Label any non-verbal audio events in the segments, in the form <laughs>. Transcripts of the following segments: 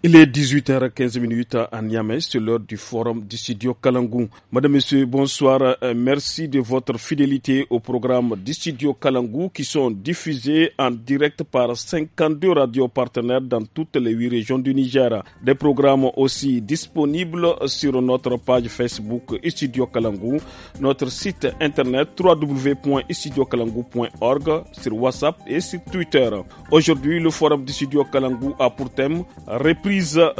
Il est 18h15 à Niamey, c'est l'heure du forum du studio Kalangou. Madame, Monsieur, bonsoir. Euh, merci de votre fidélité au programme du studio Kalangou qui sont diffusés en direct par 52 radios partenaires dans toutes les 8 régions du Niger. Des programmes aussi disponibles sur notre page Facebook Studio Kalangou, notre site internet www.studiokalangou.org, sur WhatsApp et sur Twitter. Aujourd'hui, le forum du studio Kalangou a pour thème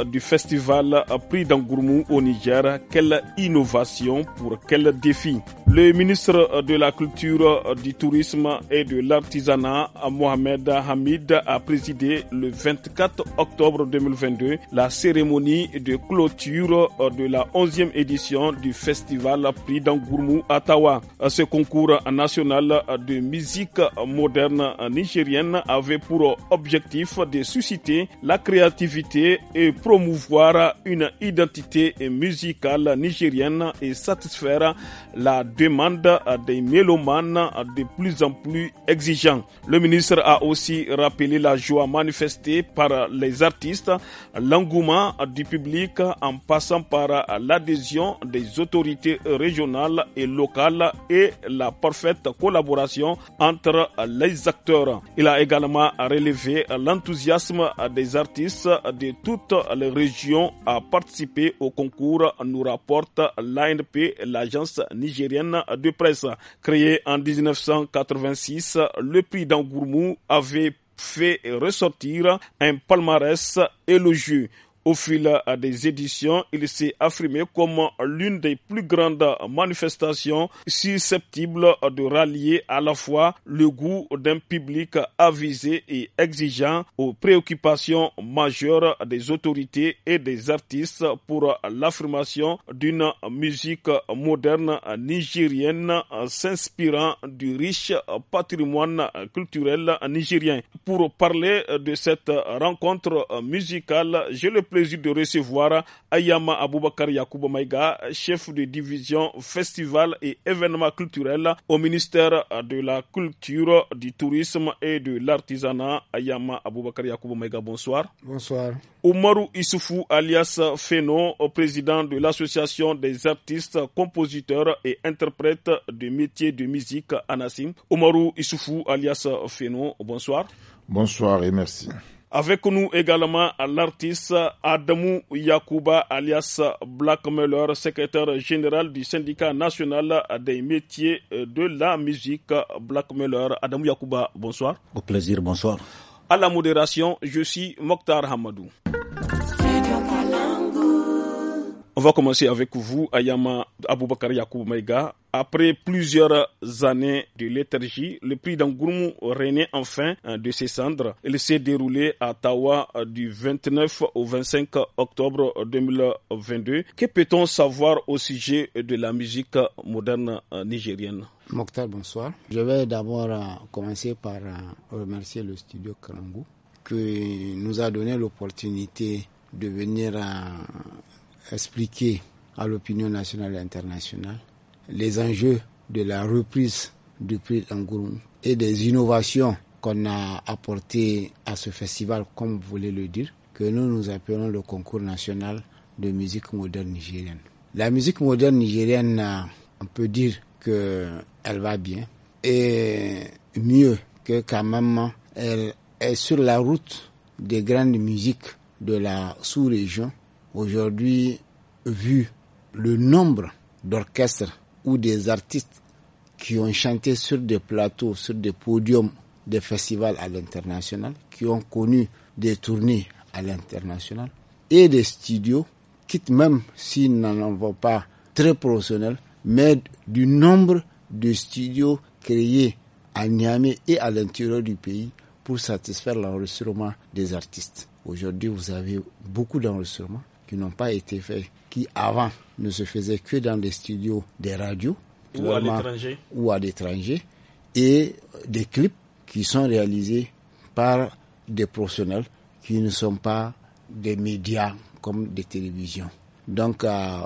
du festival Prix d'Angourmou au Niger, quelle innovation pour quel défi Le ministre de la Culture, du Tourisme et de l'Artisanat, Mohamed Hamid, a présidé le 24 octobre 2022 la cérémonie de clôture de la 11e édition du festival Prix d'Angourmou à Tawa. Ce concours national de musique moderne nigérienne avait pour objectif de susciter la créativité et promouvoir une identité musicale nigérienne et satisfaire la demande des mélomanes de plus en plus exigeants. Le ministre a aussi rappelé la joie manifestée par les artistes, l'engouement du public en passant par l'adhésion des autorités régionales et locales et la parfaite collaboration entre les acteurs. Il a également relevé l'enthousiasme des artistes des toutes les régions à participer au concours, nous rapporte l'ANP, l'agence nigérienne de presse. créée en 1986, le prix d'Angourmou avait fait ressortir un palmarès élogieux. Au fil des éditions, il s'est affirmé comme l'une des plus grandes manifestations susceptibles de rallier à la fois le goût d'un public avisé et exigeant aux préoccupations majeures des autorités et des artistes pour l'affirmation d'une musique moderne nigérienne s'inspirant du riche patrimoine culturel nigérien. Pour parler de cette rencontre musicale, je le plaisante de recevoir Ayama Aboubakar Yakouba Maïga, chef de division festival et événements culturels au ministère de la Culture, du Tourisme et de l'Artisanat. Ayama Aboubakar Yakouba Maïga, bonsoir. Bonsoir. Oumarou Issoufou, alias Feno, président de l'Association des artistes, compositeurs et interprètes de métiers de musique, Anassim. Oumarou Issoufou, alias Feno, bonsoir. Bonsoir et merci. Avec nous également l'artiste Adamou Yakouba, alias Black Miller, secrétaire général du syndicat national des métiers de la musique Black Miller. Adamou Yakouba, bonsoir. Au plaisir, bonsoir. À la modération, je suis Mokhtar Hamadou. On va commencer avec vous, Ayama Aboubakar Yakouba Maïga. Après plusieurs années de léthargie, le prix d'Angourmou renaît enfin euh, de ses cendres. Il s'est déroulé à Tawa euh, du 29 au 25 octobre 2022. Que peut-on savoir au sujet de la musique moderne euh, nigérienne Mokhtar, bonsoir. Je vais d'abord commencer par remercier le studio Karangu qui nous a donné l'opportunité de venir expliquer à l'opinion nationale et internationale les enjeux de la reprise du prix et des innovations qu'on a apportées à ce festival, comme vous voulez le dire, que nous nous appelons le concours national de musique moderne nigérienne. La musique moderne nigérienne, euh, on peut dire qu'elle va bien et mieux que quand même elle est sur la route des grandes musiques de la sous-région. Aujourd'hui, vu le nombre d'orchestres ou des artistes qui ont chanté sur des plateaux, sur des podiums des festivals à l'international, qui ont connu des tournées à l'international et des studios, quitte même s'ils n'en envoient pas très professionnels, mais du nombre de studios créés à Niamey et à l'intérieur du pays pour satisfaire l'enregistrement des artistes. Aujourd'hui, vous avez beaucoup d'enregistrements qui n'ont pas été faits, qui avant ne se faisaient que dans des studios des radios ou à l'étranger ou à l'étranger et des clips qui sont réalisés par des professionnels qui ne sont pas des médias comme des télévisions. Donc euh,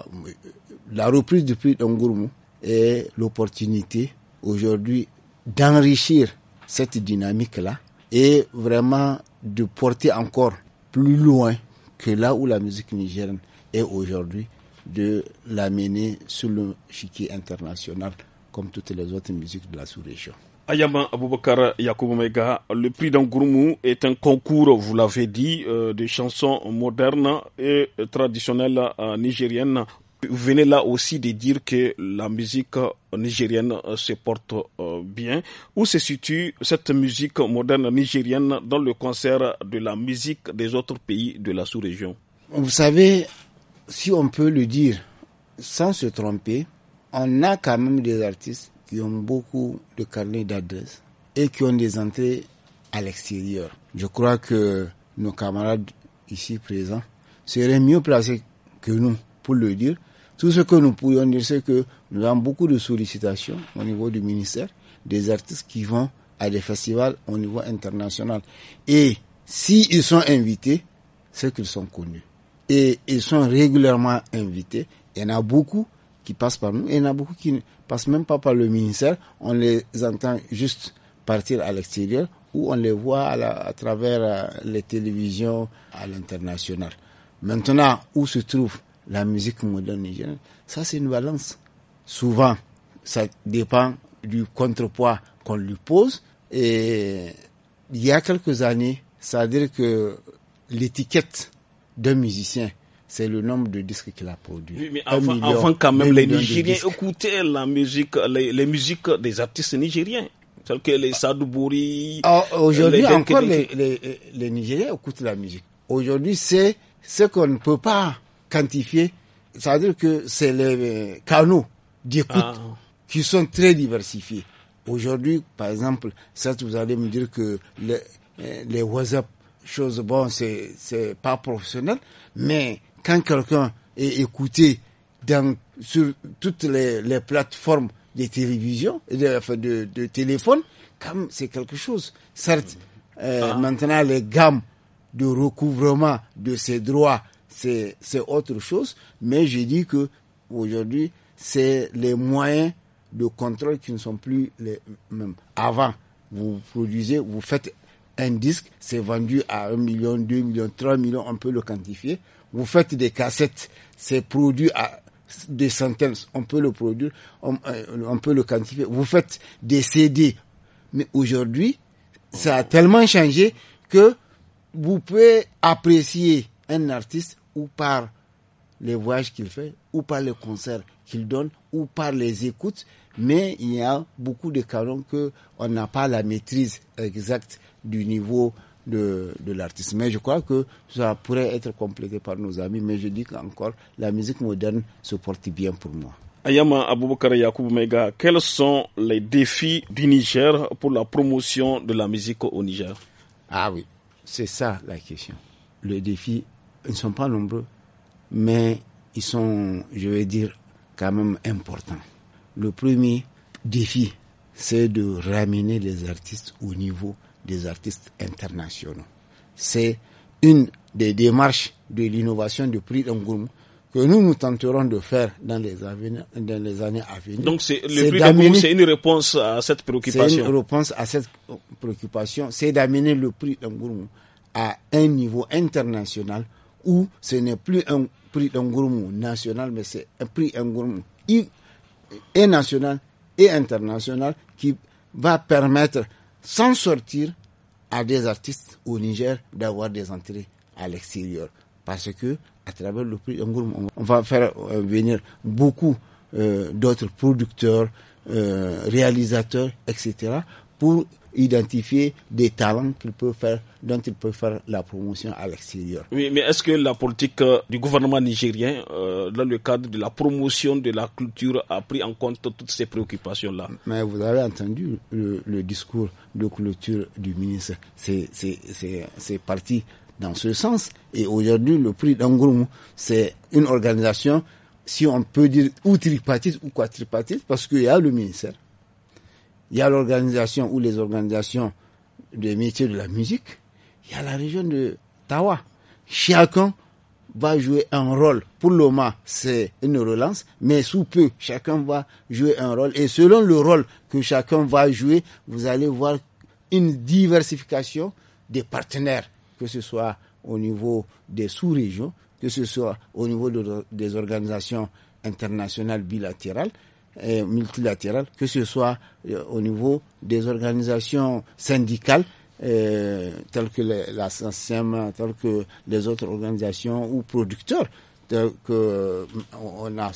la reprise depuis prix est l'opportunité aujourd'hui d'enrichir cette dynamique-là et vraiment de porter encore plus loin que là où la musique nigérienne est aujourd'hui, de l'amener sur le chiqui international, comme toutes les autres musiques de la sous-région. Ayama Aboubakar Yakoubomega, le prix d'Angourmou est un concours, vous l'avez dit, euh, de chansons modernes et traditionnelles euh, nigériennes. Vous venez là aussi de dire que la musique nigérienne se porte euh, bien. Où se situe cette musique moderne nigérienne dans le concert de la musique des autres pays de la sous-région Vous savez, si on peut le dire sans se tromper, on a quand même des artistes qui ont beaucoup de carnets d'adresses et qui ont des entrées à l'extérieur. Je crois que nos camarades ici présents seraient mieux placés que nous pour le dire, tout ce que nous pouvons dire, c'est que nous avons beaucoup de sollicitations au niveau du ministère, des artistes qui vont à des festivals au niveau international. Et s'ils ils sont invités, c'est qu'ils sont connus. Et ils sont régulièrement invités. Il y en a beaucoup qui passent par nous il y en a beaucoup qui ne passent même pas par le ministère. On les entend juste partir à l'extérieur ou on les voit à, travers euh, les télévisions à l'international. Maintenant, où se trouve la musique moderne nigérienne. Ça, c'est une balance. Souvent, ça dépend du contrepoids qu'on lui pose. Et il y a quelques années, c'est-à-dire que l'étiquette d'un musicien, c'est le nombre de disques qu'il a produit. mais avant, quand même, les Nigériens écoutaient la musique, les, musiques des artistes nigériens, tels que les Sadoubouri. Ah, aujourd'hui encore, les Nigériens écoutent la musique. Aujourd'hui, c'est ce qu'on ne peut pas quantifier. C'est-à-dire que c'est les euh, canaux d'écoute ah. qui sont très diversifiés. Aujourd'hui, par exemple, certes, vous allez me dire que euh, les, WhatsApp, chose bon, c'est, c'est pas professionnel, mais quand quelqu'un est écouté dans, sur toutes les, les plateformes de télévision, de, de, de téléphone, comme c'est quelque chose. Certes, euh, ah. maintenant, les gammes de recouvrement de ces droits c'est autre chose, mais je dis que aujourd'hui, c'est les moyens de contrôle qui ne sont plus les mêmes. Avant, vous produisez, vous faites un disque, c'est vendu à 1 million, 2 millions, 3 millions, on peut le quantifier. Vous faites des cassettes, c'est produit à des centaines, on peut le produire, on euh, peut le quantifier. Vous faites des CD. Mais aujourd'hui, ça a tellement changé que vous pouvez apprécier un artiste ou par les voyages qu'il fait, ou par les concerts qu'il donne, ou par les écoutes, mais il y a beaucoup de canons que on n'a pas la maîtrise exacte du niveau de, de l'artiste. Mais je crois que ça pourrait être complété par nos amis, mais je dis qu'encore, la musique moderne se porte bien pour moi. Ayama Aboubakar Mega, quels sont les défis du Niger pour la promotion de la musique au Niger Ah oui, c'est ça la question. Le défi ils ne sont pas nombreux, mais ils sont, je vais dire, quand même importants. Le premier défi, c'est de ramener les artistes au niveau des artistes internationaux. C'est une des démarches de l'innovation du prix d'Angoulême que nous nous tenterons de faire dans les, dans les années à venir. Donc c'est le prix c'est une réponse à cette préoccupation. C'est une réponse à cette préoccupation, c'est d'amener le prix d'Angoulême à un niveau international où ce n'est plus un prix d'un national, mais c'est un prix d'un et national et international qui va permettre, sans sortir, à des artistes au Niger d'avoir des entrées à l'extérieur. Parce que, à travers le prix d'un on va faire euh, venir beaucoup euh, d'autres producteurs, euh, réalisateurs, etc., pour identifier des talents qu'il peut faire, dont il peut faire la promotion à l'extérieur. Oui, mais est-ce que la politique euh, du gouvernement nigérien, euh, dans le cadre de la promotion de la culture, a pris en compte toutes ces préoccupations-là Mais vous avez entendu le, discours de culture du ministre. C'est parti dans ce sens. Et aujourd'hui, le prix groupe, c'est une organisation, si on peut dire, ou tripartite ou quadripartite, parce qu'il y a le ministère, il y a l'organisation ou les organisations de métiers de la musique. Il y a la région de Tawa. Chacun va jouer un rôle. Pour l'OMA, c'est une relance, mais sous peu, chacun va jouer un rôle. Et selon le rôle que chacun va jouer, vous allez voir une diversification des partenaires, que ce soit au niveau des sous-régions, que ce soit au niveau des organisations internationales bilatérales, multilatérales, que ce soit euh, au niveau des organisations syndicales euh, telles que la SANSEM, telles que les autres organisations ou producteurs, que euh, on a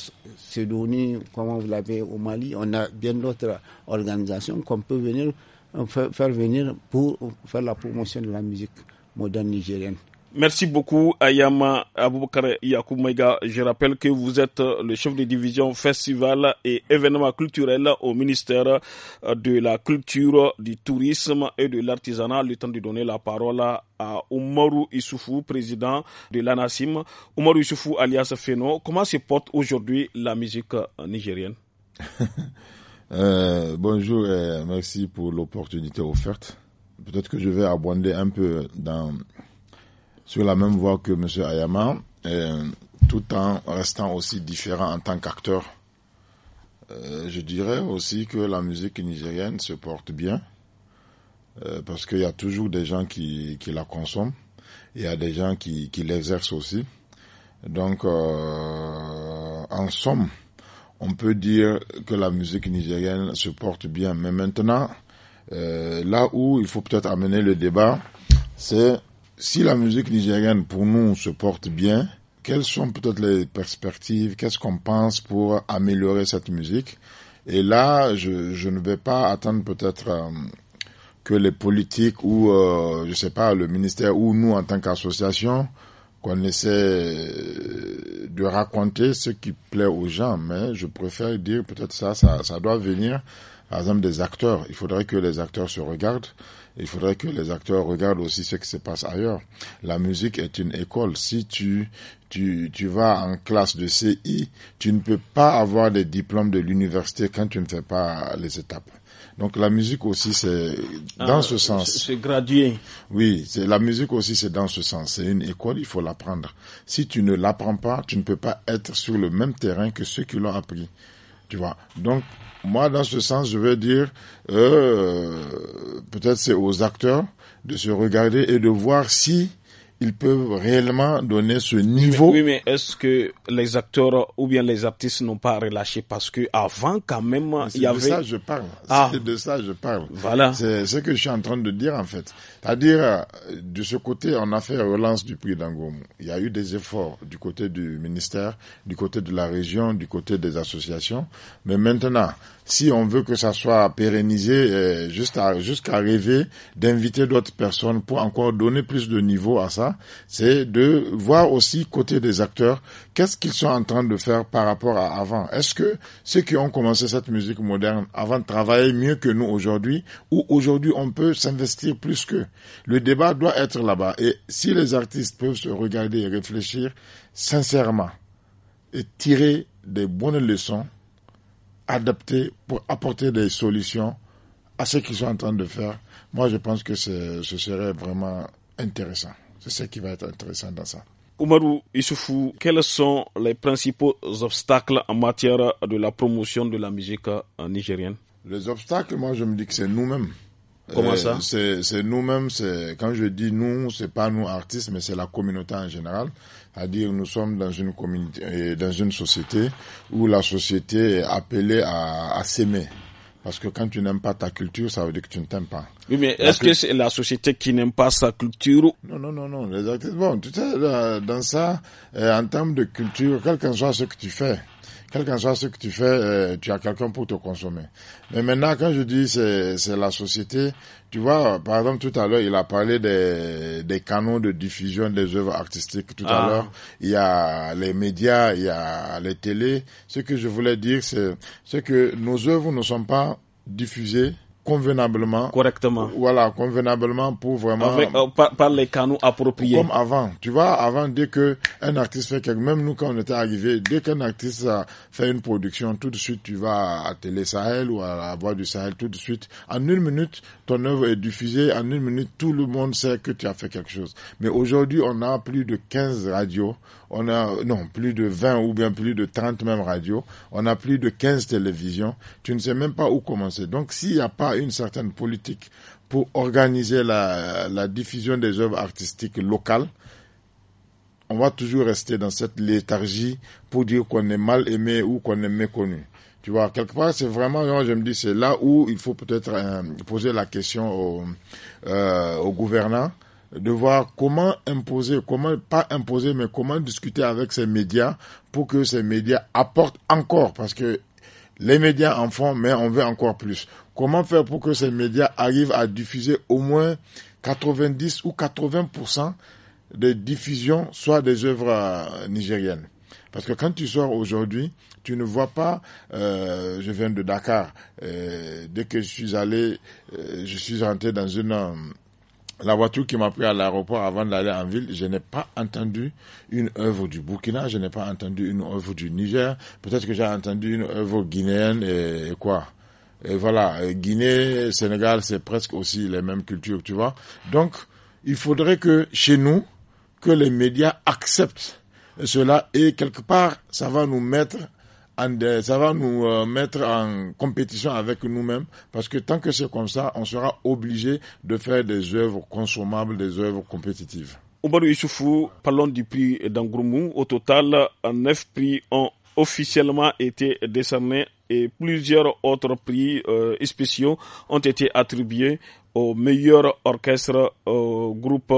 donné, comment vous l'avez au Mali, on a bien d'autres organisations qu'on peut venir euh, faire venir pour faire la promotion de la musique moderne nigérienne. Merci beaucoup, Ayama Aboubakar Yacoub Je rappelle que vous êtes le chef de division festival et événement culturels au ministère de la Culture, du Tourisme et de l'Artisanat. Le temps de donner la parole à Oumarou Issoufou, président de l'ANASIM. Oumarou Issoufou, alias Feno, comment se porte aujourd'hui la musique nigérienne <laughs> euh, Bonjour et merci pour l'opportunité offerte. Peut-être que je vais abonder un peu dans sur la même voie que M. Ayama, euh, tout en restant aussi différent en tant qu'acteur. Euh, je dirais aussi que la musique nigérienne se porte bien, euh, parce qu'il y a toujours des gens qui, qui la consomment, il y a des gens qui, qui l'exercent aussi. Donc, en somme, on peut dire que la musique nigérienne se porte bien. Mais maintenant, là où il faut peut-être amener le débat, c'est si la musique nigérienne pour nous se porte bien, quelles sont peut-être les perspectives, qu'est-ce qu'on pense pour améliorer cette musique Et là, je, ne vais pas attendre peut-être euh, que les politiques ou, euh, je sais pas, le ministère ou nous en tant qu'association, qu'on essaie euh, de raconter ce qui plaît aux gens, mais je préfère dire peut-être ça, ça, ça doit venir par exemple des acteurs. Il faudrait que les acteurs se regardent il faudrait que les acteurs regardent aussi ce qui se passe ailleurs. La musique est une école. Si tu tu, tu vas en classe de CI, tu ne peux pas avoir des diplômes de l'université quand tu ne fais pas les étapes. Donc la musique aussi, c'est ah, dans ce sens. C'est gradué. Oui, c'est la musique aussi, c'est dans ce sens. C'est une école, il faut l'apprendre. Si tu ne l'apprends pas, tu ne peux pas être sur le même terrain que ceux qui l'ont appris. Tu vois. Donc moi, dans ce sens, je veux dire, euh, peut-être c'est aux acteurs de se regarder et de voir si ils peuvent réellement donner ce niveau. Oui, mais, est-ce que les acteurs ou bien les artistes n'ont pas relâché parce que avant quand même il y avait. C'est ça je parle. Ah. C'est de ça je parle. Voilà. C'est ce que je suis en train de dire en fait. C'est-à-dire euh, de ce côté on a fait relance du prix d'Angoumou. Il y a eu des efforts du côté du ministère, du côté de la région, du côté des associations, mais maintenant si on veut que ça soit pérennisé, euh, jusqu'à jusqu'à rêver d'inviter d'autres personnes pour encore donner plus de niveau à ça, c'est de voir aussi côté des acteurs qu'est-ce qu'ils sont en train de faire par rapport à avant. Est-ce que ceux qui ont commencé cette musique moderne avant travaillaient mieux que nous aujourd'hui ou aujourd'hui on peut s'investir plus que Le débat doit être là-bas et si les artistes peuvent se regarder et réfléchir sincèrement et tirer des bonnes leçons adapter pour apporter des solutions à ce qu'ils sont en train de faire, moi je pense que ce serait vraiment intéressant. C'est ce qui va être intéressant dans ça. Oumarou Issoufou, quels sont les principaux obstacles en matière de la promotion de la musique nigérienne Les obstacles, moi je me dis que c'est nous-mêmes. Comment euh, ça C'est nous-mêmes, quand je dis nous, c'est pas nous artistes, mais c'est la communauté en général à dire nous sommes dans une communauté, euh, dans une société où la société est appelée à, à s'aimer. Parce que quand tu n'aimes pas ta culture, ça veut dire que tu ne t'aimes pas. Oui, mais est-ce que c'est la société qui n'aime pas sa culture Non, non, non, non. Exactement. Bon, dans ça, euh, en termes de culture, quel qu'en soit ce que tu fais, quel soit ce que tu fais, euh, tu as quelqu'un pour te consommer. Mais maintenant, quand je dis c'est la société, tu vois, par exemple, tout à l'heure, il a parlé des, des canaux de diffusion des œuvres artistiques. Tout à ah. l'heure, il y a les médias, il y a les télés. Ce que je voulais dire, c'est que nos œuvres ne sont pas diffusées convenablement. Correctement. Voilà, convenablement pour vraiment. Euh, par, les canaux appropriés. Comme avant. Tu vois, avant, dès que un artiste fait quelque même nous quand on était arrivé, dès qu'un artiste fait une production, tout de suite tu vas à Télé Sahel ou à la Voix du Sahel, tout de suite. En une minute, ton œuvre est diffusée. En une minute, tout le monde sait que tu as fait quelque chose. Mais aujourd'hui, on a plus de 15 radios. On a, non, plus de 20 ou bien plus de 30 même radios. On a plus de 15 télévisions. Tu ne sais même pas où commencer. Donc, s'il n'y a pas une certaine politique pour organiser la, diffusion des œuvres artistiques locales, on va toujours rester dans cette léthargie pour dire qu'on est mal aimé ou qu'on est méconnu. Tu vois, quelque part, c'est vraiment, je me dis, c'est là où il faut peut-être euh, poser la question au, euh, au gouvernant de voir comment imposer, comment pas imposer, mais comment discuter avec ces médias pour que ces médias apportent encore, parce que les médias en font, mais on veut encore plus. Comment faire pour que ces médias arrivent à diffuser au moins 90 ou 80% des diffusions, soit des œuvres euh, nigériennes parce que quand tu sors aujourd'hui, tu ne vois pas, euh, je viens de Dakar, euh, dès que je suis allé, je suis rentré dans une la voiture qui m'a pris à l'aéroport avant d'aller en ville, je n'ai pas entendu une œuvre du Burkina, je n'ai pas entendu une œuvre du Niger. Peut-être que j'ai entendu une œuvre guinéenne et, quoi. Et voilà, Guinée, Sénégal, c'est presque aussi les mêmes cultures, tu vois. Donc, il faudrait que chez nous, que les médias acceptent cela et quelque part, ça va nous mettre and, euh, ça va nous euh, mettre en compétition avec nous-mêmes parce que tant que c'est comme ça, on sera obligé de faire des œuvres consommables, des œuvres compétitives. Oumarou Issoufou, parlons du prix d'Angrumu. Au total, neuf prix ont officiellement été décernés et plusieurs autres prix euh, spéciaux ont été attribués aux meilleurs orchestres, groupes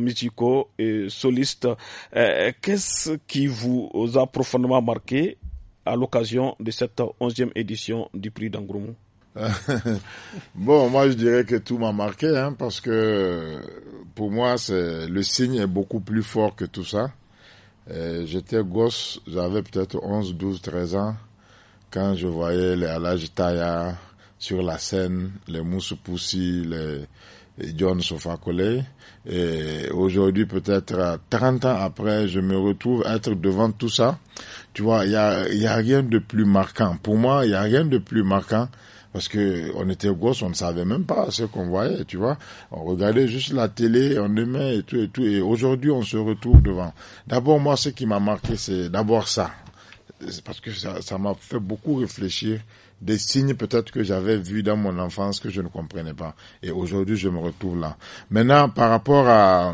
musicaux et solistes. Qu'est-ce qui vous a profondément marqué à l'occasion de cette 11e édition du prix d'Angromou <laughs> bon, moi je dirais que tout m'a marqué, hein, parce que pour moi, c'est le signe est beaucoup plus fort que tout ça. Euh, j'étais gosse, j'avais peut-être 11, 12, 13 ans, quand je voyais les Alajitaya sur la scène, les poussis, les John Sofakole. Et aujourd'hui, peut-être 30 euh, ans après, je me retrouve être devant tout ça. Tu vois, il y a, y a rien de plus marquant. Pour moi, il y a rien de plus marquant parce que on était gosses, on ne savait même pas ce qu'on voyait, tu vois. On regardait juste la télé, on aimait et tout et tout. Et aujourd'hui, on se retrouve devant. D'abord, moi, ce qui m'a marqué, c'est d'abord ça, parce que ça m'a fait beaucoup réfléchir des signes peut-être que j'avais vus dans mon enfance que je ne comprenais pas. Et aujourd'hui, je me retrouve là. Maintenant, par rapport à,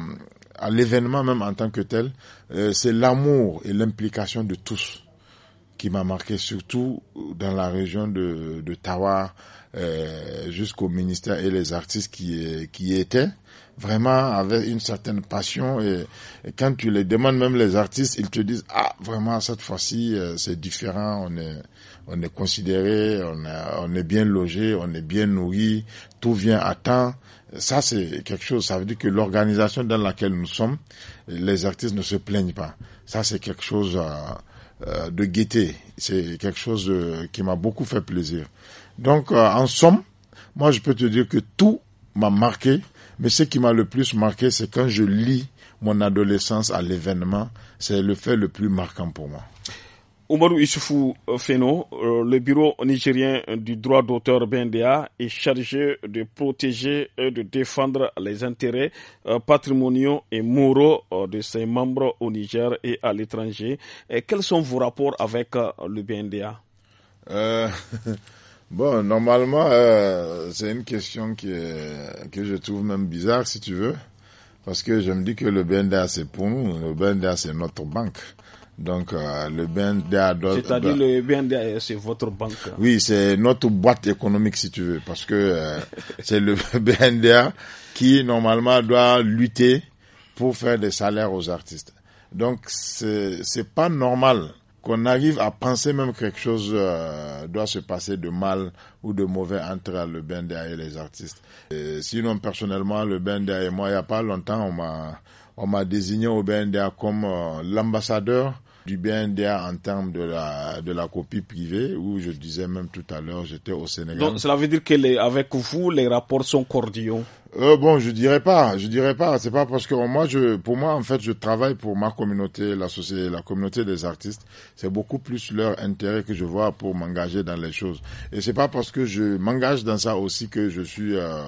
à l'événement même en tant que tel, euh, c'est l'amour et l'implication de tous qui m'a marqué, surtout dans la région de, de Tawa, euh, jusqu'au ministère et les artistes qui, euh, qui étaient vraiment avec une certaine passion et, quand tu les demandes même les artistes ils te disent ah vraiment cette fois-ci euh, c'est différent on est on est considéré on, on est bien logé on est bien nourri tout vient à temps ça, c'est quelque chose. Ça veut dire que l'organisation dans laquelle nous sommes, les artistes ne se plaignent pas. Ça, c'est quelque chose euh, euh, de gaieté. C'est quelque chose euh, qui m'a beaucoup fait plaisir. Donc, en somme, moi, je peux te dire que tout m'a marqué. Mais ce qui m'a le plus marqué, c'est quand je lis mon adolescence à l'événement. C'est le fait le plus marquant pour moi. Omaru Issoufou euh, Feno, euh, le bureau nigérien du droit d'auteur BNDA est chargé de protéger et de défendre les intérêts euh, patrimoniaux et moraux de ses membres au Niger et à l'étranger. Quels sont vos rapports avec le BNDA <laughs> Bon, normalement, c'est une question que je trouve même bizarre, si tu veux, parce que je me dis que le BNDA, c'est pour nous, le BNDA, c'est notre banque. Donc euh, le BNDA doit. C'est-à-dire le BNDA, c'est votre banque. Oui, c'est notre boîte économique si tu veux, parce que euh, <laughs> c'est le <laughs> BNDA qui normalement doit lutter pour faire des salaires aux artistes. Donc c'est pas normal qu'on arrive à penser même que quelque chose euh, doit se passer de mal ou de mauvais entre le BNDA et les artistes. sinon personnellement, le BNDA et moi, il n'y a pas longtemps, on m'a on m'a désigné au BNDA comme l'ambassadeur du BNDA en termes de la, de la copie privée, où je disais même tout à l'heure, j'étais au Sénégal. Donc cela veut dire que les, avec vous, les rapports sont cordiaux euh, bon, je dirais pas, je dirais pas. C'est pas parce que moi, pour moi, en fait, je travaille pour ma communauté, la société, la communauté des artistes. C'est beaucoup plus leur intérêt que je vois pour m'engager dans les choses. Et c'est pas parce que je m'engage dans ça aussi que je suis euh,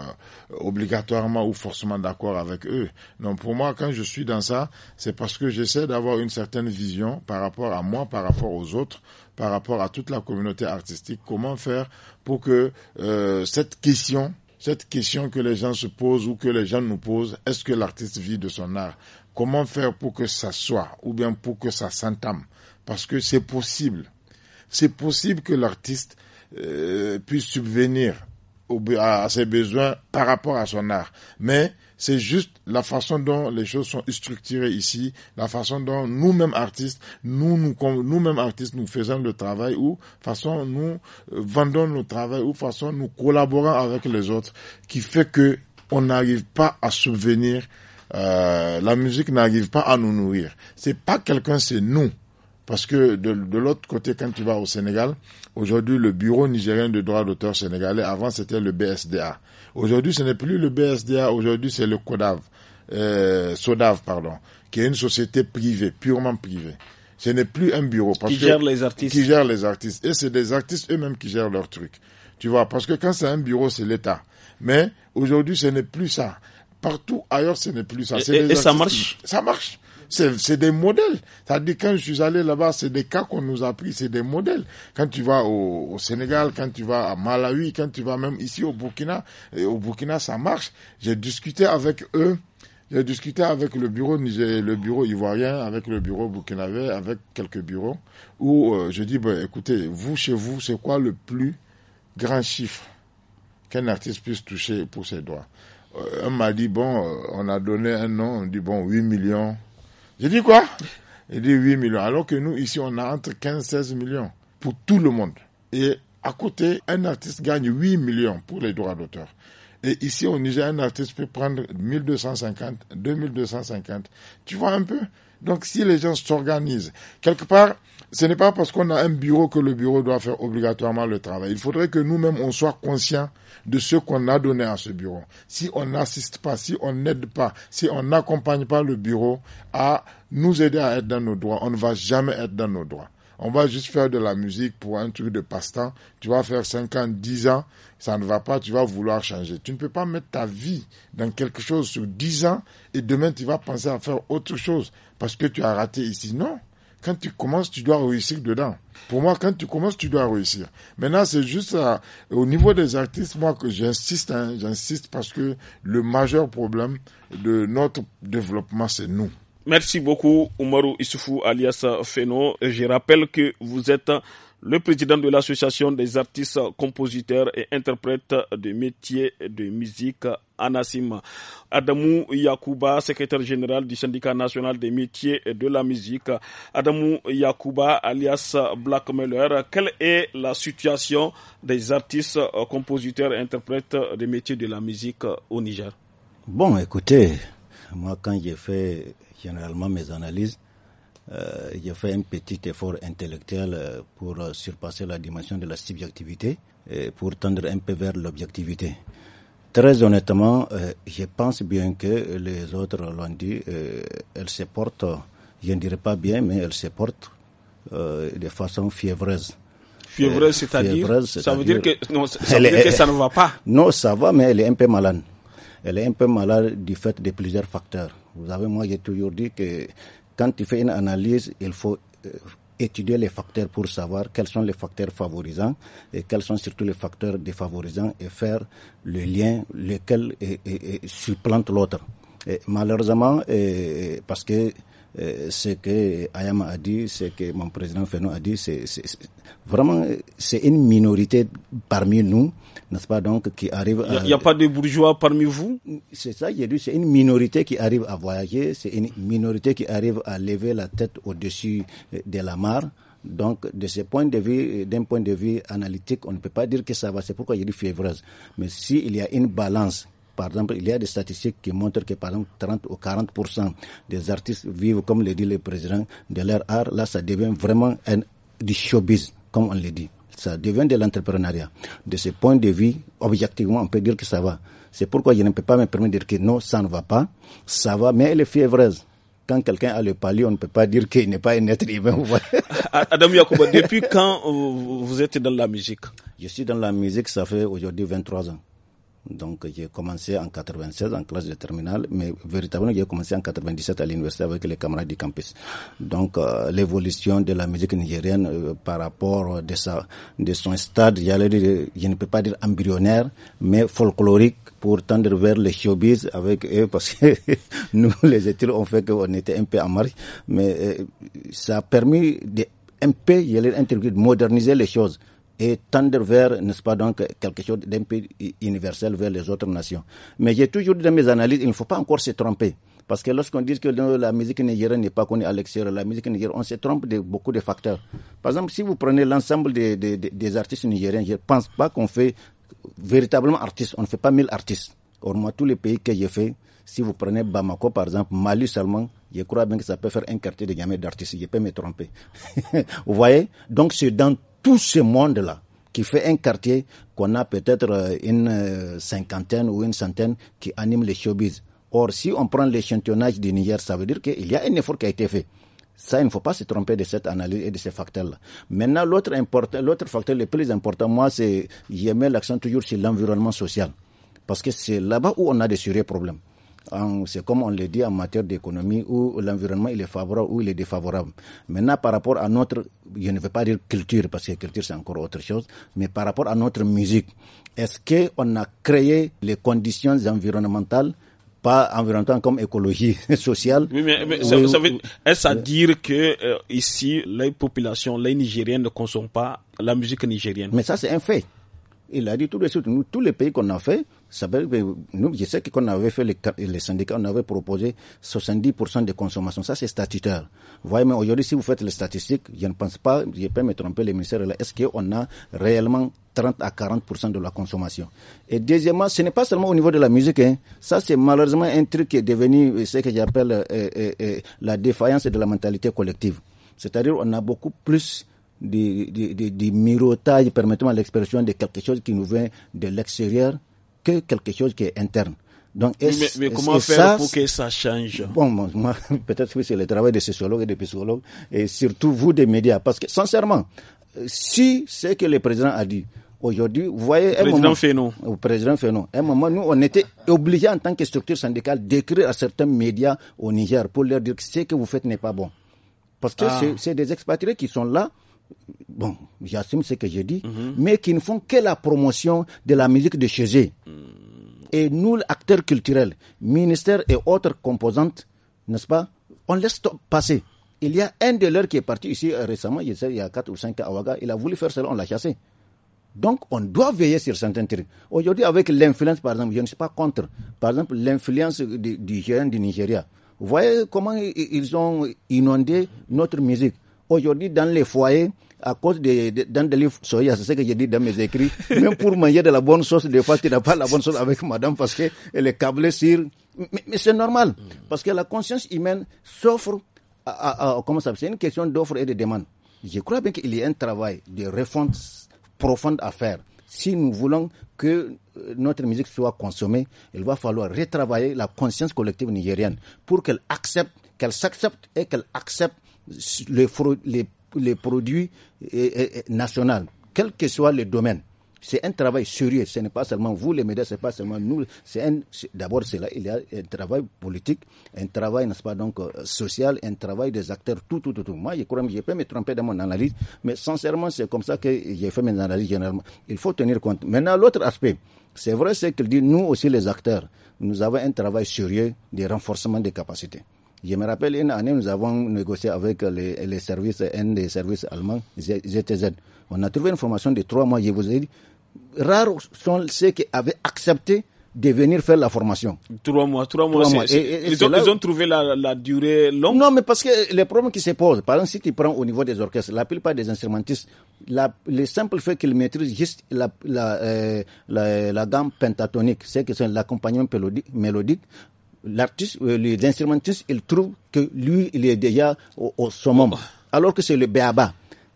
obligatoirement ou forcément d'accord avec eux. Non, pour moi, quand je suis dans ça, c'est parce que j'essaie d'avoir une certaine vision par rapport à moi, par rapport aux autres par rapport à toute la communauté artistique, comment faire pour que euh, cette question cette question que les gens se posent ou que les gens nous posent, est-ce que l'artiste vit de son art Comment faire pour que ça soit ou bien pour que ça s'entame Parce que c'est possible. C'est possible que l'artiste euh, puisse subvenir à ses besoins par rapport à son art. Mais c'est juste la façon dont les choses sont structurées ici, la façon dont nous-mêmes artistes, nous, nous, nous-mêmes artistes, nous faisons le travail ou façon nous euh, vendons nos travail ou façon nous collaborons avec les autres qui fait que on n'arrive pas à subvenir, euh, la musique n'arrive pas à nous nourrir. C'est pas quelqu'un, c'est nous. Parce que de, de l'autre côté, quand tu vas au Sénégal, aujourd'hui, le bureau nigérien de droit d'auteur sénégalais, avant c'était le BSDA. Aujourd'hui, ce n'est plus le BSDA, aujourd'hui, c'est le CODAV, euh, SODAV, pardon, qui est une société privée, purement privée. Ce n'est plus un bureau. Parce qui gère les artistes. Qui gère les artistes. Et c'est des artistes eux-mêmes qui gèrent leurs trucs. Tu vois, parce que quand c'est un bureau, c'est l'État. Mais aujourd'hui, ce n'est plus ça. Partout ailleurs, ce n'est plus ça. Et, ça marche. ça marche c'est des modèles. C'est-à-dire, quand je suis allé là-bas, c'est des cas qu'on nous a pris, c'est des modèles. Quand tu vas au, Sénégal, quand tu vas à Malawi, quand tu vas même ici au Burkina, au Burkina, ça marche. J'ai discuté avec eux. J'ai discuté avec le bureau le bureau ivoirien, avec le bureau burkinabé, avec quelques bureaux, où euh, je dis, ben, écoutez, vous, chez vous, c'est quoi le plus grand chiffre qu'un artiste puisse toucher pour ses droits On euh, m'a dit, bon, euh, on a donné un nom, on dit, bon, 8 millions, j'ai dit quoi Il dit 8 millions. Alors que nous, ici, on a entre 15-16 millions pour tout le monde. Et à côté, un artiste gagne 8 millions pour les droits d'auteur. Et ici, au Niger, un artiste peut prendre 1250, 2250. Tu vois un peu Donc, si les gens s'organisent, quelque part, ce n'est pas parce qu'on a un bureau que le bureau doit faire obligatoirement le travail. Il faudrait que nous-mêmes, on soit conscients de ce qu'on a donné à ce bureau. Si on n'assiste pas, si on n'aide pas, si on n'accompagne pas le bureau à nous aider à être dans nos droits, on ne va jamais être dans nos droits. On va juste faire de la musique pour un truc de passe-temps. Tu vas faire 5 ans, 10 ans, ça ne va pas, tu vas vouloir changer. Tu ne peux pas mettre ta vie dans quelque chose sur 10 ans et demain tu vas penser à faire autre chose parce que tu as raté ici. Non, quand tu commences, tu dois réussir dedans. Pour moi, quand tu commences, tu dois réussir. Maintenant, c'est juste euh, au niveau des artistes, moi que j'insiste, hein, j'insiste parce que le majeur problème de notre développement, c'est nous. Merci beaucoup, Oumarou Issoufou, alias Feno. Je rappelle que vous êtes le président de l'association des artistes, compositeurs et interprètes de métiers de musique Anassim. Adamou Yakuba, secrétaire général du syndicat national des métiers de la musique. Adamou Yakuba, alias Black quelle est la situation des artistes, euh, compositeurs et interprètes des métiers de la musique euh, au Niger Bon, écoutez, moi quand j'ai fait généralement mes analyses, euh, j'ai fait un petit effort intellectuel pour surpasser la dimension de la subjectivité et pour tendre un peu vers l'objectivité. Très honnêtement, euh, je pense bien que les autres l'ont dit, euh, se porte. je ne dirais pas bien, mais elle se porte euh, de façon fiévreuse. Fiévreuse, euh, c'est-à-dire Ça veut dire, que, ça, que ça ne va pas Non, ça va, mais elle est un peu malade. Elle est un peu malade du fait de plusieurs facteurs. Vous savez, moi, j'ai toujours dit que quand tu fais une analyse, il faut étudier les facteurs pour savoir quels sont les facteurs favorisants et quels sont surtout les facteurs défavorisants et faire le lien lequel et supplante l'autre. Malheureusement, parce que euh, ce que Ayama a dit, ce que mon président Fénon a dit, c'est vraiment c'est une minorité parmi nous, n'est-ce pas donc, qui arrive. Il n'y a, pas de bourgeois parmi vous. C'est ça, j'ai dit, c'est une minorité qui arrive à voyager, c'est une minorité qui arrive à lever la tête au-dessus euh, de la mare. Donc, de ce point de vue, euh, d'un point de vue analytique, on ne peut pas dire que ça va. C'est pourquoi il dit fiévreuse. Mais s'il il y a une balance par exemple, il y a des statistiques qui montrent que, par exemple, 30 ou 40 des artistes vivent, comme le dit le président, de leur art. Là, ça devient vraiment du showbiz, comme on le dit. Ça devient de l'entrepreneuriat. De ce point de vue, objectivement, on peut dire que ça va. C'est pourquoi je ne peux pas me permettre de dire que non, ça ne va pas. Ça va, mais elle est fiévreuse quand quelqu'un a le palier, on ne peut pas dire qu'il n'est pas un être humain. <laughs> Adam Yacouba, depuis quand euh, vous êtes dans la musique Je suis dans la musique, ça fait aujourd'hui 23 ans. Donc j'ai commencé en 96 en classe de terminale, mais véritablement j'ai commencé en 97 à l'université avec les camarades du campus. Donc euh, l'évolution de la musique nigérienne euh, par rapport de sa de son stade, dire, je ne peux pas dire embryonnaire, mais folklorique pour tendre vers les showbiz avec eux parce que <laughs> nous les études ont fait qu'on était un peu en marche, mais euh, ça a permis de un peu, il y de moderniser les choses et tendre vers, n'est-ce pas, donc, quelque chose d'un peu universel vers les autres nations. Mais j'ai toujours dit dans mes analyses, il ne faut pas encore se tromper. Parce que lorsqu'on dit que la musique nigérienne n'est pas connue à l'extérieur, la musique nigérienne, on se trompe de beaucoup de facteurs. Par exemple, si vous prenez l'ensemble des, des, artistes nigériens, je ne pense pas qu'on fait véritablement artistes. On ne fait pas mille artistes. Or, moi, tous les pays que j'ai fait, si vous prenez Bamako, par exemple, Mali seulement, je crois bien que ça peut faire un quartier de gamins d'artistes. Je peux me tromper. <laughs> vous voyez Donc, c'est dans tout ce monde-là qui fait un quartier qu'on a peut-être euh, une euh, cinquantaine ou une centaine qui anime les showbiz. Or, si on prend l'échantillonnage du Niger, ça veut dire qu'il y a un effort qui a été fait. Ça, il ne faut pas se tromper de cette analyse et de ces facteurs-là. Maintenant, l'autre l'autre facteur le plus important, moi, c'est, je mets l'accent toujours sur l'environnement social. Parce que c'est là-bas où on a des sérieux problèmes c'est comme on le dit en matière d'économie où l'environnement il est favorable ou il est défavorable. Maintenant, par rapport à notre, je ne veux pas dire culture parce que culture c'est encore autre chose, mais par rapport à notre musique, est-ce que on a créé les conditions environnementales pas environnementales comme écologie <laughs> sociale. Oui, mais, ça, ça est-ce à dire que euh, ici, les populations, les Nigériens ne consomment pas la musique nigérienne Mais ça, c'est un fait. Il a dit tout de suite, nous, tous les pays qu'on a fait, je sais qu'on avait fait les, syndicats, on avait proposé 70% de consommation. Ça, c'est statutaire. voyez, mais aujourd'hui, si vous faites les statistiques, je ne pense pas, je ne peux me tromper, le ministère est-ce qu'on a réellement 30 à 40% de la consommation. Et deuxièmement, ce n'est pas seulement au niveau de la musique. Hein. Ça, c'est malheureusement un truc qui est devenu ce que j'appelle euh, euh, euh, la défaillance de la mentalité collective. C'est-à-dire on a beaucoup plus de, de, mirotage, permettez-moi l'expression, de quelque chose qui nous vient de l'extérieur que quelque chose qui est interne. Donc, mais, comment faire pour que ça change Bon, moi, <laughs> peut-être que c'est le travail des sociologues et des psychologues, et surtout vous des médias, parce que sincèrement, si c'est que le président a dit, aujourd'hui, vous voyez, le président Fénon. Le président Fénon, un moment, nous, on était obligés en tant que structure syndicale d'écrire à certains médias au Niger pour leur dire que ce que vous faites n'est pas bon. Parce que ah. c'est des expatriés qui sont là, bon, j'assume ce que je dis, mhm. mais qui ne font que la promotion de la musique de chez eux. Mm. Et nous, acteurs culturels, ministères et autres composantes, n'est-ce pas, on laisse passer. Il y a un de leurs qui est parti ici euh, récemment, il y a 4 ou 5 à Ouaga, il a voulu faire cela, on l'a chassé. Donc, on doit veiller sur certains trucs. Aujourd'hui, avec l'influence, par exemple, je ne suis pas contre, par exemple, l'influence du, du du Nigeria. Vous voyez comment ils ont inondé notre musique. Aujourd'hui, dans les foyers, à cause des, dans des livres c'est ce que j'ai dit dans mes écrits, <laughs> même pour manger de la bonne sauce, des fois, tu n'as pas la bonne sauce avec madame parce elle est câblée sur... Mais, mais c'est normal, mm. parce que la conscience humaine s'offre à, à, Comment ça C'est une question d'offre et de demande. Je crois bien qu'il y a un travail de refonte profonde à faire. Si nous voulons que euh, notre musique soit consommée, il va falloir retravailler la conscience collective nigérienne pour qu'elle accepte, qu'elle s'accepte et qu'elle accepte les, les, produits nationaux, quel que soit le domaine c'est un travail sérieux. Ce n'est pas seulement vous, les médias, ce n'est pas seulement nous. d'abord, il y a un travail politique, un travail, n'est-ce pas, donc, euh, social, un travail des acteurs, tout, tout, tout, Moi, je ne je me tromper dans mon analyse, mais sincèrement, c'est comme ça que j'ai fait mes analyses généralement. Il faut tenir compte. Maintenant, l'autre aspect, c'est vrai, c'est qu'il dit, nous aussi, les acteurs, nous avons un travail sérieux de renforcement des capacités. Je me rappelle une année, nous avons négocié avec les, les services, un des services allemands, ZTZ. On a trouvé une formation de trois mois, je vous ai dit. Rares sont ceux qui avaient accepté de venir faire la formation. Trois mois, trois mois. Trois ils, ont, trouvé la, la, durée longue Non, mais parce que les problèmes qui se posent, par exemple, si tu prends au niveau des orchestres, la plupart des instrumentistes, la, le simple fait qu'ils maîtrisent juste la, la, euh, la, gamme pentatonique, c'est que c'est l'accompagnement mélodique, l'artiste, euh, les instrumentistes, ils trouvent que lui, il est déjà au, au summum, alors que c'est le béaba.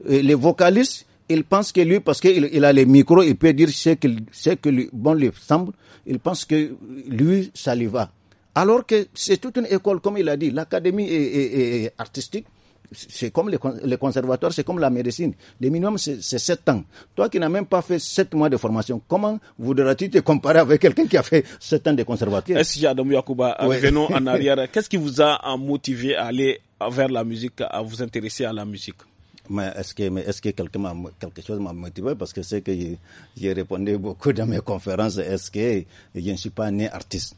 Euh, les vocalistes, il pense que lui, parce qu'il a les micros, il peut dire ce qu'il ce que lui, bon lui semble. Il pense que lui, ça lui va. Alors que c'est toute une école, comme il a dit, l'académie est, artistique. C'est comme les, conservatoire, conservatoires, c'est comme la médecine. Le minimum, c'est 7 ans. Toi qui n'as même pas fait sept mois de formation, comment voudras-tu te comparer avec quelqu'un qui a fait sept ans de conservatoire Est-ce Adam Yakuba, revenons en <laughs> arrière. Qu'est-ce qui vous a motivé à aller vers la musique, à vous intéresser à la musique mais est-ce que, quelque chose m'a motivé parce que c'est que j'ai répondu beaucoup dans mes conférences. Est-ce que je ne suis pas né artiste?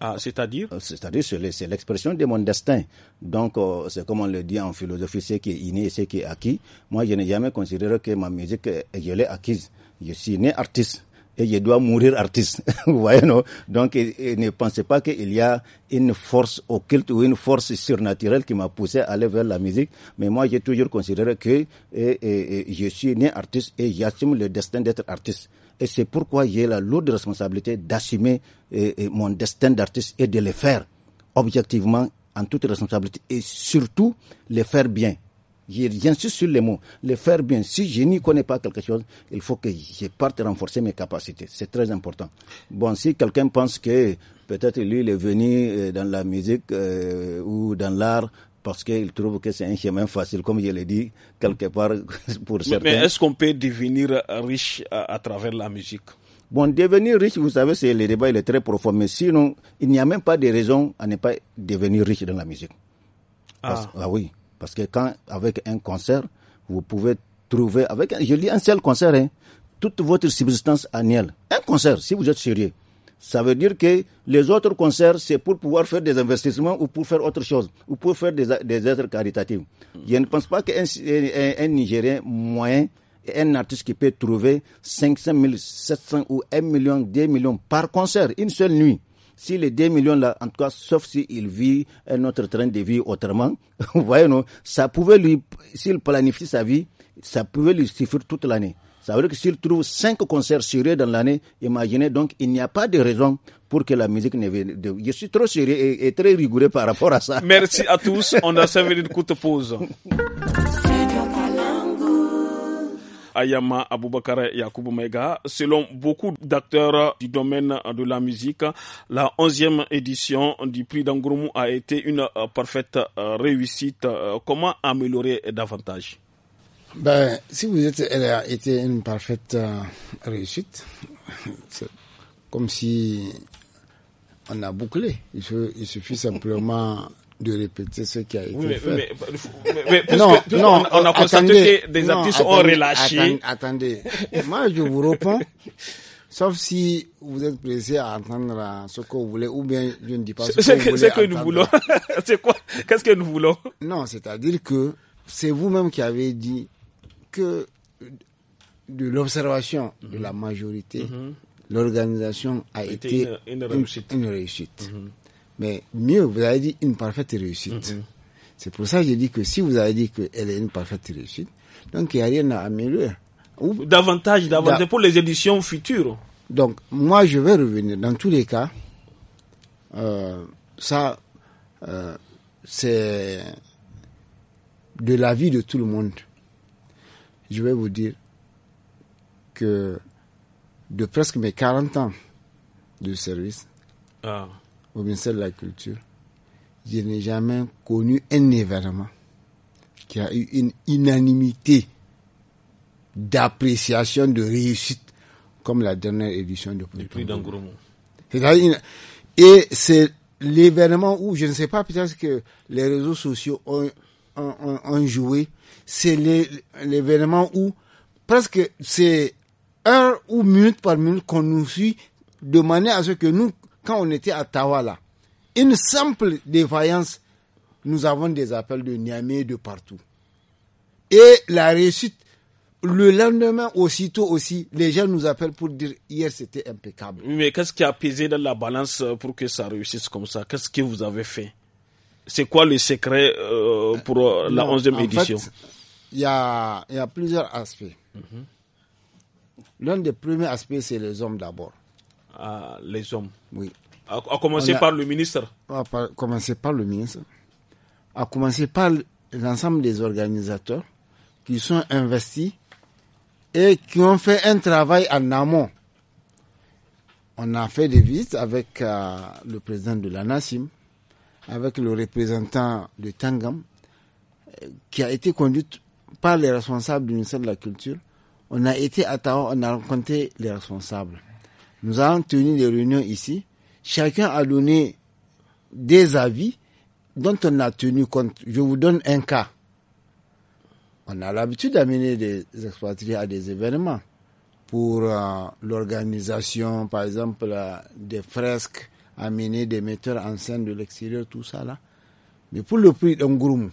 Ah, c'est-à-dire euh, C'est-à-dire, c'est l'expression de mon destin. Donc, euh, c'est comme on le dit en philosophie, ce qui est inné et ce qui est acquis. Moi, je n'ai jamais considéré que ma musique, je l'ai acquise. Je suis né artiste et je dois mourir artiste. <laughs> Vous voyez, Donc, ne pensez pas qu'il y a une force occulte ou une force surnaturelle qui m'a poussé à aller vers la musique. Mais moi, j'ai toujours considéré que je suis né artiste et j'assume le destin d'être artiste. Et c'est pourquoi j'ai la lourde responsabilité d'assumer euh, euh, mon destin d'artiste et de le faire objectivement, en toute responsabilité, et surtout le faire bien. J'insiste sur les mots, le faire bien. Si je n'y connais pas quelque chose, il faut que je parte renforcer mes capacités. C'est très important. Bon, si quelqu'un pense que peut-être lui, il est venu euh, dans la musique ou dans l'art parce qu'ils trouvent que c'est un chemin facile, comme je l'ai dit, quelque part <laughs> pour certains. Mais, est-ce qu'on peut devenir riche à, travers la musique Bon, devenir riche, vous savez, c'est le débat il est très profond, mais sinon, il n'y a même pas de raison à ne pas devenir riche dans la musique. ah. ah oui, parce que quand, avec un concert, vous pouvez trouver, avec, je dis un seul concert, hein, toute votre subsistance annuelle. Un concert, si vous êtes sérieux, ça veut dire que les autres concerts, c'est pour pouvoir faire des investissements ou pour faire autre chose, ou pour faire des, êtres caritatifs. Je ne pense pas qu'un un, Nigérien moyen, un artiste qui peut trouver 500 000, 700 ou 1 million, 2 millions par concert, une seule nuit si les 2 millions là, en tout cas, sauf s'il vit un autre train de vie autrement, vous <laughs> voyez, non, ça pouvait lui, s'il planifie sa vie, ça pouvait lui suffire toute l'année. Ça veut dire que s'il trouve cinq concerts sérieux dans l'année, imaginez donc, il n'y a pas de raison pour que la musique ne vienne. Je suis trop sérieux et, très rigoureux par rapport à ça. Merci à tous. On a servi une courte pause. Ayama Aboubakar Yakubu Mega. Selon beaucoup d'acteurs du domaine de la musique, la 11e édition du prix d'Angourou a été une euh, parfaite euh, réussite. Euh, comment améliorer davantage ben, si vous êtes, elle a été une parfaite euh, réussite. C'est comme si on a bouclé. Il, il suffit simplement de répéter ce qui a été oui, mais, fait. Mais, mais, non, non, on, a constaté que des artistes ont relâché. Attendez, moi je vous reprends. sauf si vous êtes pressé à entendre euh, ce que vous voulez, ou bien je ne dis pas ce, que, vous voulez. Ce que nous voulons, <laughs> c'est quoi Qu'est-ce que nous voulons Non, c'est-à-dire que c'est vous-même qui avez dit que euh, de l'observation de la mhm. majorité, mhm. l'organisation a été une, réussite. Mhm. Mais mieux, vous avez dit une parfaite réussite. C'est pour ça que j'ai dit que si vous avez dit qu'elle est une parfaite réussite, donc il n'y a rien à améliorer. Ou, davantage, davantage pour les éditions futures. Donc, moi, je vais revenir. Dans tous les cas, euh, ça, euh, c'est de l'avis de tout le monde je vais vous dire que de presque mes 40 ans de service ah. au ministère de la Culture, je n'ai jamais connu un événement qui a eu une unanimité d'appréciation de réussite comme la dernière édition de du prix Et c'est l'événement où, je ne sais pas, peut-être que les réseaux sociaux ont en jouer, c'est l'événement où presque c'est heure ou minute par minute qu'on nous suit demander à ce que nous, quand on était à Tawala, une simple défaillance, nous avons des appels de Niamey de partout. Et la réussite, le lendemain, aussitôt aussi, les gens nous appellent pour dire hier c'était impeccable. Mais qu'est-ce qui a pesé dans la balance pour que ça réussisse comme ça Qu'est-ce que vous avez fait c'est quoi le secret euh, pour euh, la 11e édition Il y, a, plusieurs aspects. Mhm. L'un des premiers aspects, c'est les hommes d'abord. Ah, les hommes Oui. À, commencer par le ministre À ah, par, commencer par le ministre. À commencer par l'ensemble des organisateurs qui sont investis et qui ont fait un travail en amont. On a fait des visites avec euh, le président de la NASIM avec le représentant de Tangam, euh, qui a été conduite par les responsables du ministère de la Culture. On a été à Tao, on a rencontré les responsables. Nous avons tenu des réunions ici. Chacun a donné des avis dont on a tenu compte. Je vous donne un cas. On a l'habitude d'amener des expatriés à des événements pour euh, l'organisation, par exemple, euh, des fresques amener des metteurs en scène de l'extérieur, tout ça là. Mais pour le prix d'un groupe,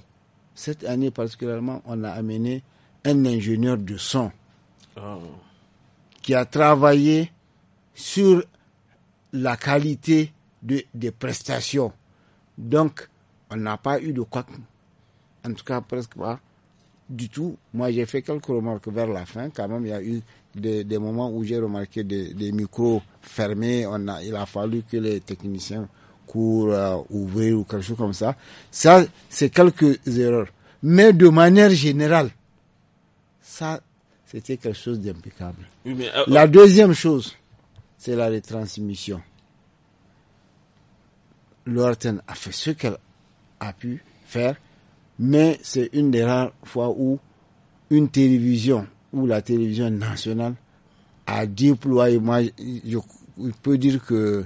cette année particulièrement, on a amené un ingénieur de son qui a travaillé sur la qualité de, des prestations. Donc, on n'a pas eu de quoi, en tout cas presque pas du tout. Moi, j'ai fait quelques remarques vers la fin. Quand même, il y a eu des, moments où j'ai remarqué des, micros fermés. On a, il a fallu que les techniciens courent, euh, ouvrir ou quelque chose comme ça. Ça, c'est quelques erreurs. Mais de manière générale, ça, c'était quelque chose d'impeccable. Euh, la deuxième chose, c'est la retransmission. L'Orten a fait ce qu'elle a pu faire mais c'est une des rares fois où une télévision, ou la télévision nationale, a déployé, moi, je, peux dire que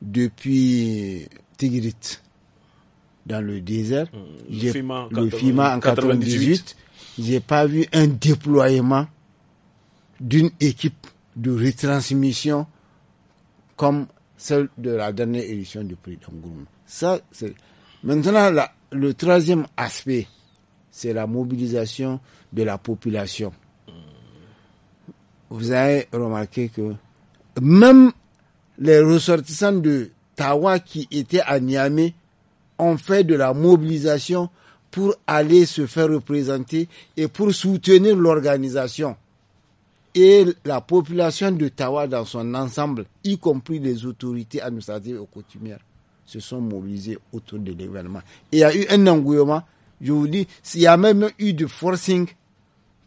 depuis Tigrit, dans le désert, hum, le FIMA, en 98, j'ai pas vu un déploiement d'une équipe de retransmission comme celle de la dernière édition du prix d'Angoulême. Ça, c'est, maintenant, la, le troisième aspect, c'est la mobilisation de la population. Vous avez remarqué que même les ressortissants de Tawa qui étaient à Niamey ont fait de la mobilisation pour aller se faire représenter et pour soutenir l'organisation. Et la population de Tawa dans son ensemble, y compris les autorités administratives et coutumières, se sont mobilisés autour de l'événement. il y a eu un engouement, je vous dis, il y a même eu du forcing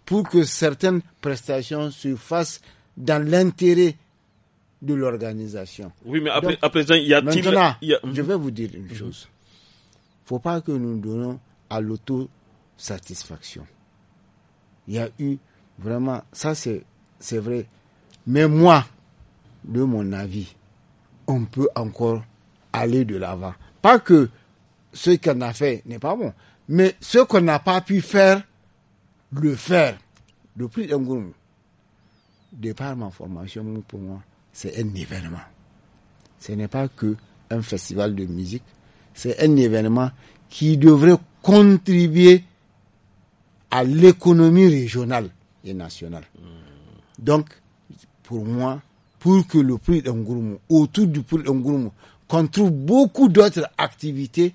pour que certaines prestations se fassent dans l'intérêt de l'organisation. Oui, mais à présent, y a il je vais vous dire une mhm. chose. Il ne faut pas que nous donnons à l'autosatisfaction. Il y a eu vraiment... Ça, c'est vrai. Mais moi, de mon avis, on peut encore aller de l'avant. Pas que ce qu'on a fait n'est pas bon, mais ce qu'on n'a pas pu faire, le faire. Le prix d'un de ma formation, pour moi, c'est un événement. Ce n'est pas que un festival de musique, c'est un événement qui devrait contribuer à l'économie régionale et nationale. Hmm. Donc, pour moi, pour que le prix d'un autour du prix d'un qu'on trouve beaucoup d'autres activités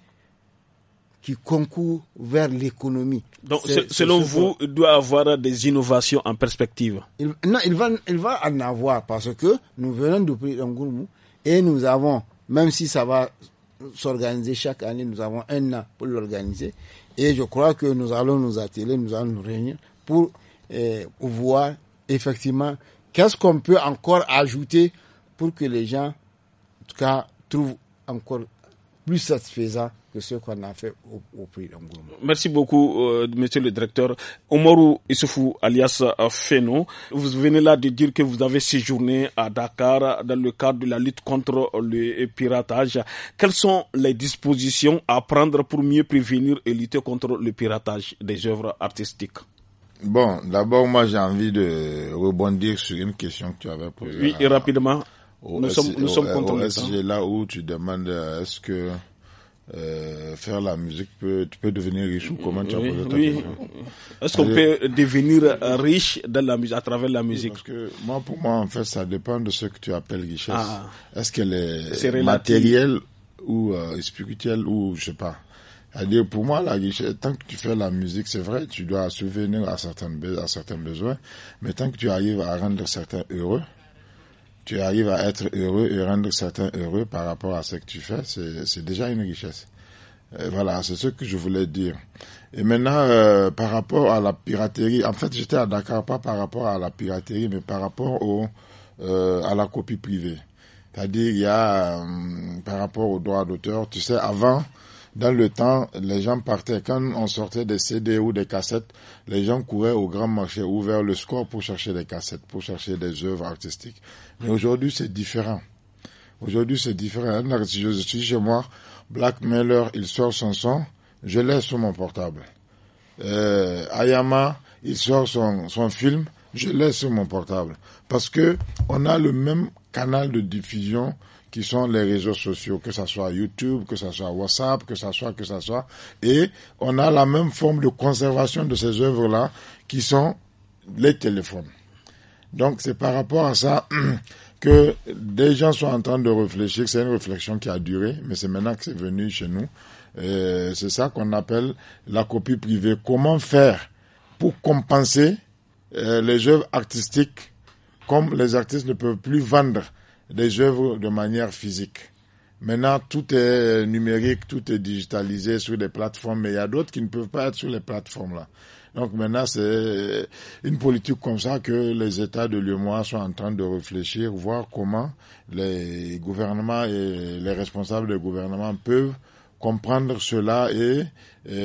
qui concourent vers l'économie. Donc, selon vous, il doit avoir des innovations en perspective Non, il va, il en avoir parce que nous venons de prix d'Angourmou et nous avons, même si ça va s'organiser chaque année, nous avons un an pour l'organiser et je crois que nous allons nous atteler, nous allons nous réunir pour eh, voir effectivement qu'est-ce qu'on peut encore ajouter pour que les gens, en tout cas, trouve encore plus satisfaisant que ce qu'on a fait au, prix Merci beaucoup, euh, monsieur le directeur. Omaru Issoufou, alias euh, Feno, vous venez là de dire que vous avez séjourné à Dakar dans le cadre de la lutte contre le piratage. Quelles sont les dispositions à prendre pour mieux prévenir et lutter contre le piratage des œuvres artistiques Bon, d'abord, moi, j'ai envie de rebondir sur une question que tu avais posée. Oui, rapidement nous, sommes, nous contents. là où tu demandes euh, est-ce que euh, faire la musique tu peux devenir riche ou comment tu as posé oui. Est-ce qu'on peut devenir riche dans la musique, à travers la musique Parce que moi, pour moi, en fait, ça dépend de ce que tu appelles richesse. Ah. Est-ce qu'elle est, matérielle ou euh, spirituelle ou je sais pas. cest dire pour moi, la richesse, tant que tu fais la musique, c'est vrai, tu dois subvenir à à certains besoins, mais tant que tu arrives à rendre certains heureux, tu arrives à être heureux et rendre certains heureux par rapport à ce que tu fais, c'est déjà une richesse. Euh, voilà, c'est ce que je voulais dire. Et maintenant, euh, par rapport à la piraterie, en fait, j'étais à Dakar pas par rapport à la piraterie, mais par rapport au, euh, à la copie privée. C'est-à-dire, il y a, euh, par rapport aux droits d'auteur, tu sais, avant, dans le temps, les gens partaient, quand on sortait des CD ou des cassettes, les gens couraient au grand marché ou vers le score pour chercher des cassettes, pour chercher des œuvres artistiques. Mais aujourd'hui, c'est différent. Aujourd'hui, c'est différent. Je suis chez moi, Blackmailer, il sort son son, je l'ai sur mon portable. Euh, Ayama, il sort son, son film, je l'ai sur mon portable. Parce que on a le même canal de diffusion qui sont les réseaux sociaux, que ce soit YouTube, que ce soit WhatsApp, que ce soit, que ce soit. Et on a la même forme de conservation de ces œuvres-là qui sont les téléphones. Donc c'est par rapport à ça <clears throat> que des gens sont en train de réfléchir. C'est une réflexion qui a duré, mais c'est maintenant que c'est venu chez nous. C'est ça qu'on appelle la copie privée. Comment faire pour compenser euh, les œuvres artistiques comme les artistes ne peuvent plus vendre des œuvres de manière physique Maintenant, tout est euh, numérique, tout est digitalisé sur des plateformes, mais il y a d'autres qui ne peuvent pas être sur les plateformes-là. Donc maintenant, c'est euh, une politique comme ça que les États de l'UMOA sont en train de réfléchir, voir comment les gouvernements et les responsables des gouvernements peuvent comprendre cela et, et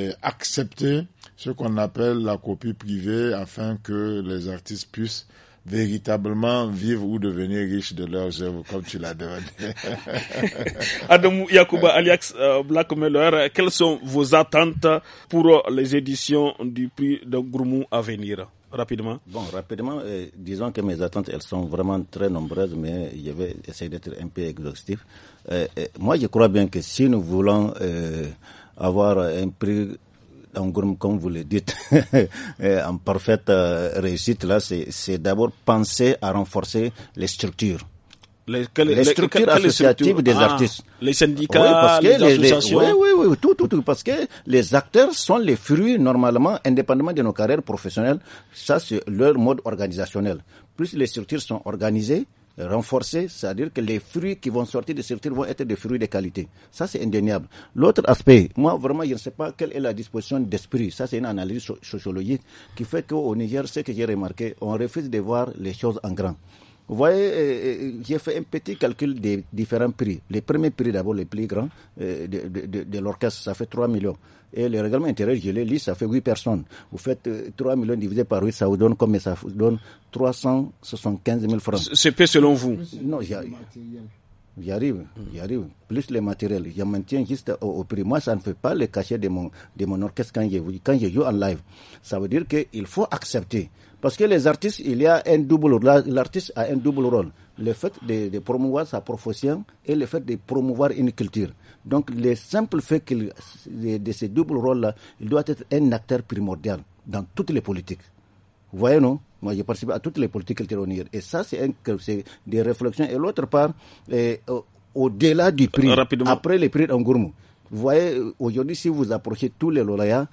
euh, accepter ce qu'on appelle la copie privée afin que les artistes puissent véritablement vivre ou devenir riche de leurs œuvres, comme tu l'as demandé. <laughs> Adam Yakuba, Aliax, euh, Black quelles sont vos attentes pour les éditions du prix de Grumou à venir Rapidement. Bon, rapidement, euh, disons que mes attentes, elles sont vraiment très nombreuses, mais je vais essayer d'être un peu exhaustif. Euh, moi, je crois bien que si nous voulons avoir un prix en gros, comme vous le dites, <laughs> euh, en parfaite euh, réussite, là, c'est d'abord penser à renforcer les structures. Les, structures associatives des ah, artistes. Les syndicats, les, associations. oui, oui, oui, tout, tout, tout. Parce que les acteurs sont les fruits, normalement, indépendamment de nos carrières professionnelles. Ça, c'est leur mode organisationnel. Plus les structures sont organisées, renforcer, c'est-à-dire que les fruits qui vont sortir de ces tirs vont être des fruits de qualité. Ça, c'est indéniable. L'autre aspect, moi, vraiment, je ne sais pas quelle est la disposition d'esprit. Ça, c'est une analyse sociologique qui fait qu'au Niger, ce que j'ai remarqué, on refuse de voir les choses en grand. Vous voyez, euh, euh, j'ai fait un petit calcul des différents prix. Les premiers prix, d'abord, les plus grands euh, de, de, l'orchestre, ça fait 3 millions. Et le règlement intérieur, je l'ai lu, ça fait 8 personnes. Vous faites 3 millions divisé par 8, ça vous donne combien Ça vous donne 375 000 francs. C'est peu selon vous Non, J'y arrive, j'y arrive. Plus les matériels, je maintiens juste au, prix. Moi, ça ne fait pas le cachet de mon, de mon orchestre quand j'ai quand je joue en live. Ça veut dire qu'il faut accepter. Parce que les artistes, il y a un double rôle. L'artiste a un double rôle. Le fait de, promouvoir sa profession et le fait de promouvoir une culture. Donc, le simple fait de, ce double rôle-là, il doit être un acteur primordial dans toutes les politiques. Vous voyez, non moi, j'ai participé à toutes les politiques culturelles. Et ça, c'est des réflexions. Et l'autre part, eh, au-delà du prix, euh, après les prix d'Angourmou. Vous voyez, aujourd'hui, si vous approchez tous les lauréats,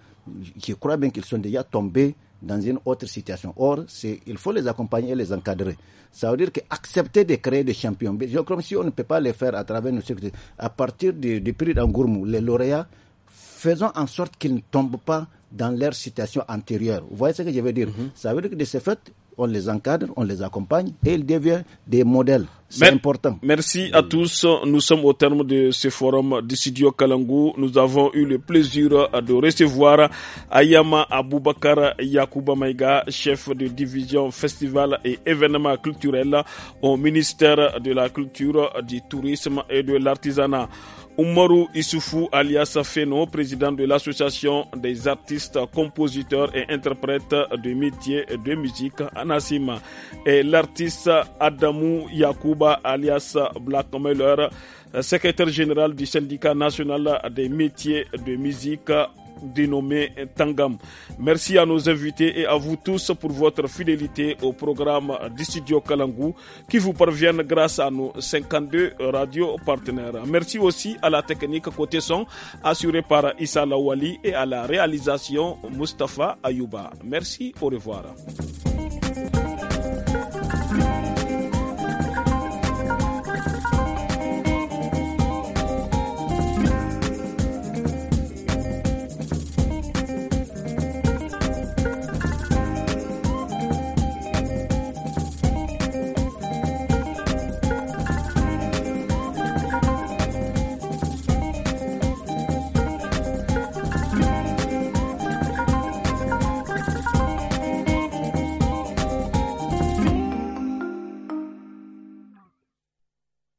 je crois bien qu'ils sont déjà tombés dans une autre situation. Or, il faut les accompagner et les encadrer. Ça veut dire qu'accepter de créer des champions, je crois si on ne peut pas les faire à travers nos circuits, à partir du, du prix d'Angourmou, les lauréats, faisons en sorte qu'ils ne tombent pas dans leur situation antérieure. Vous voyez ce que je veux dire mhm. Ça veut dire que de ce fait, on les encadre, on les accompagne et ils deviennent des modèles. C'est important. Merci à tous. Nous sommes au terme de ce forum du studio Kalangou. Nous avons eu le plaisir de recevoir Ayama Aboubakar Yakuba Maïga, chef de division festival et événements culturels au ministère de la Culture, du Tourisme et de l'Artisanat. Umaru Issoufou alias Feno, président de l'association des artistes, compositeurs et interprètes de métiers de musique Anasima et l'artiste Adamou Yakuba alias Black secrétaire général du syndicat national des métiers de musique dénommé Tangam. Merci à nos invités et à vous tous pour votre fidélité au programme du studio Kalangou qui vous parviennent grâce à nos 52 radios partenaires. Merci aussi à la technique côté son assurée par Issa Lawali et à la réalisation Mustapha Ayuba. Merci, au revoir.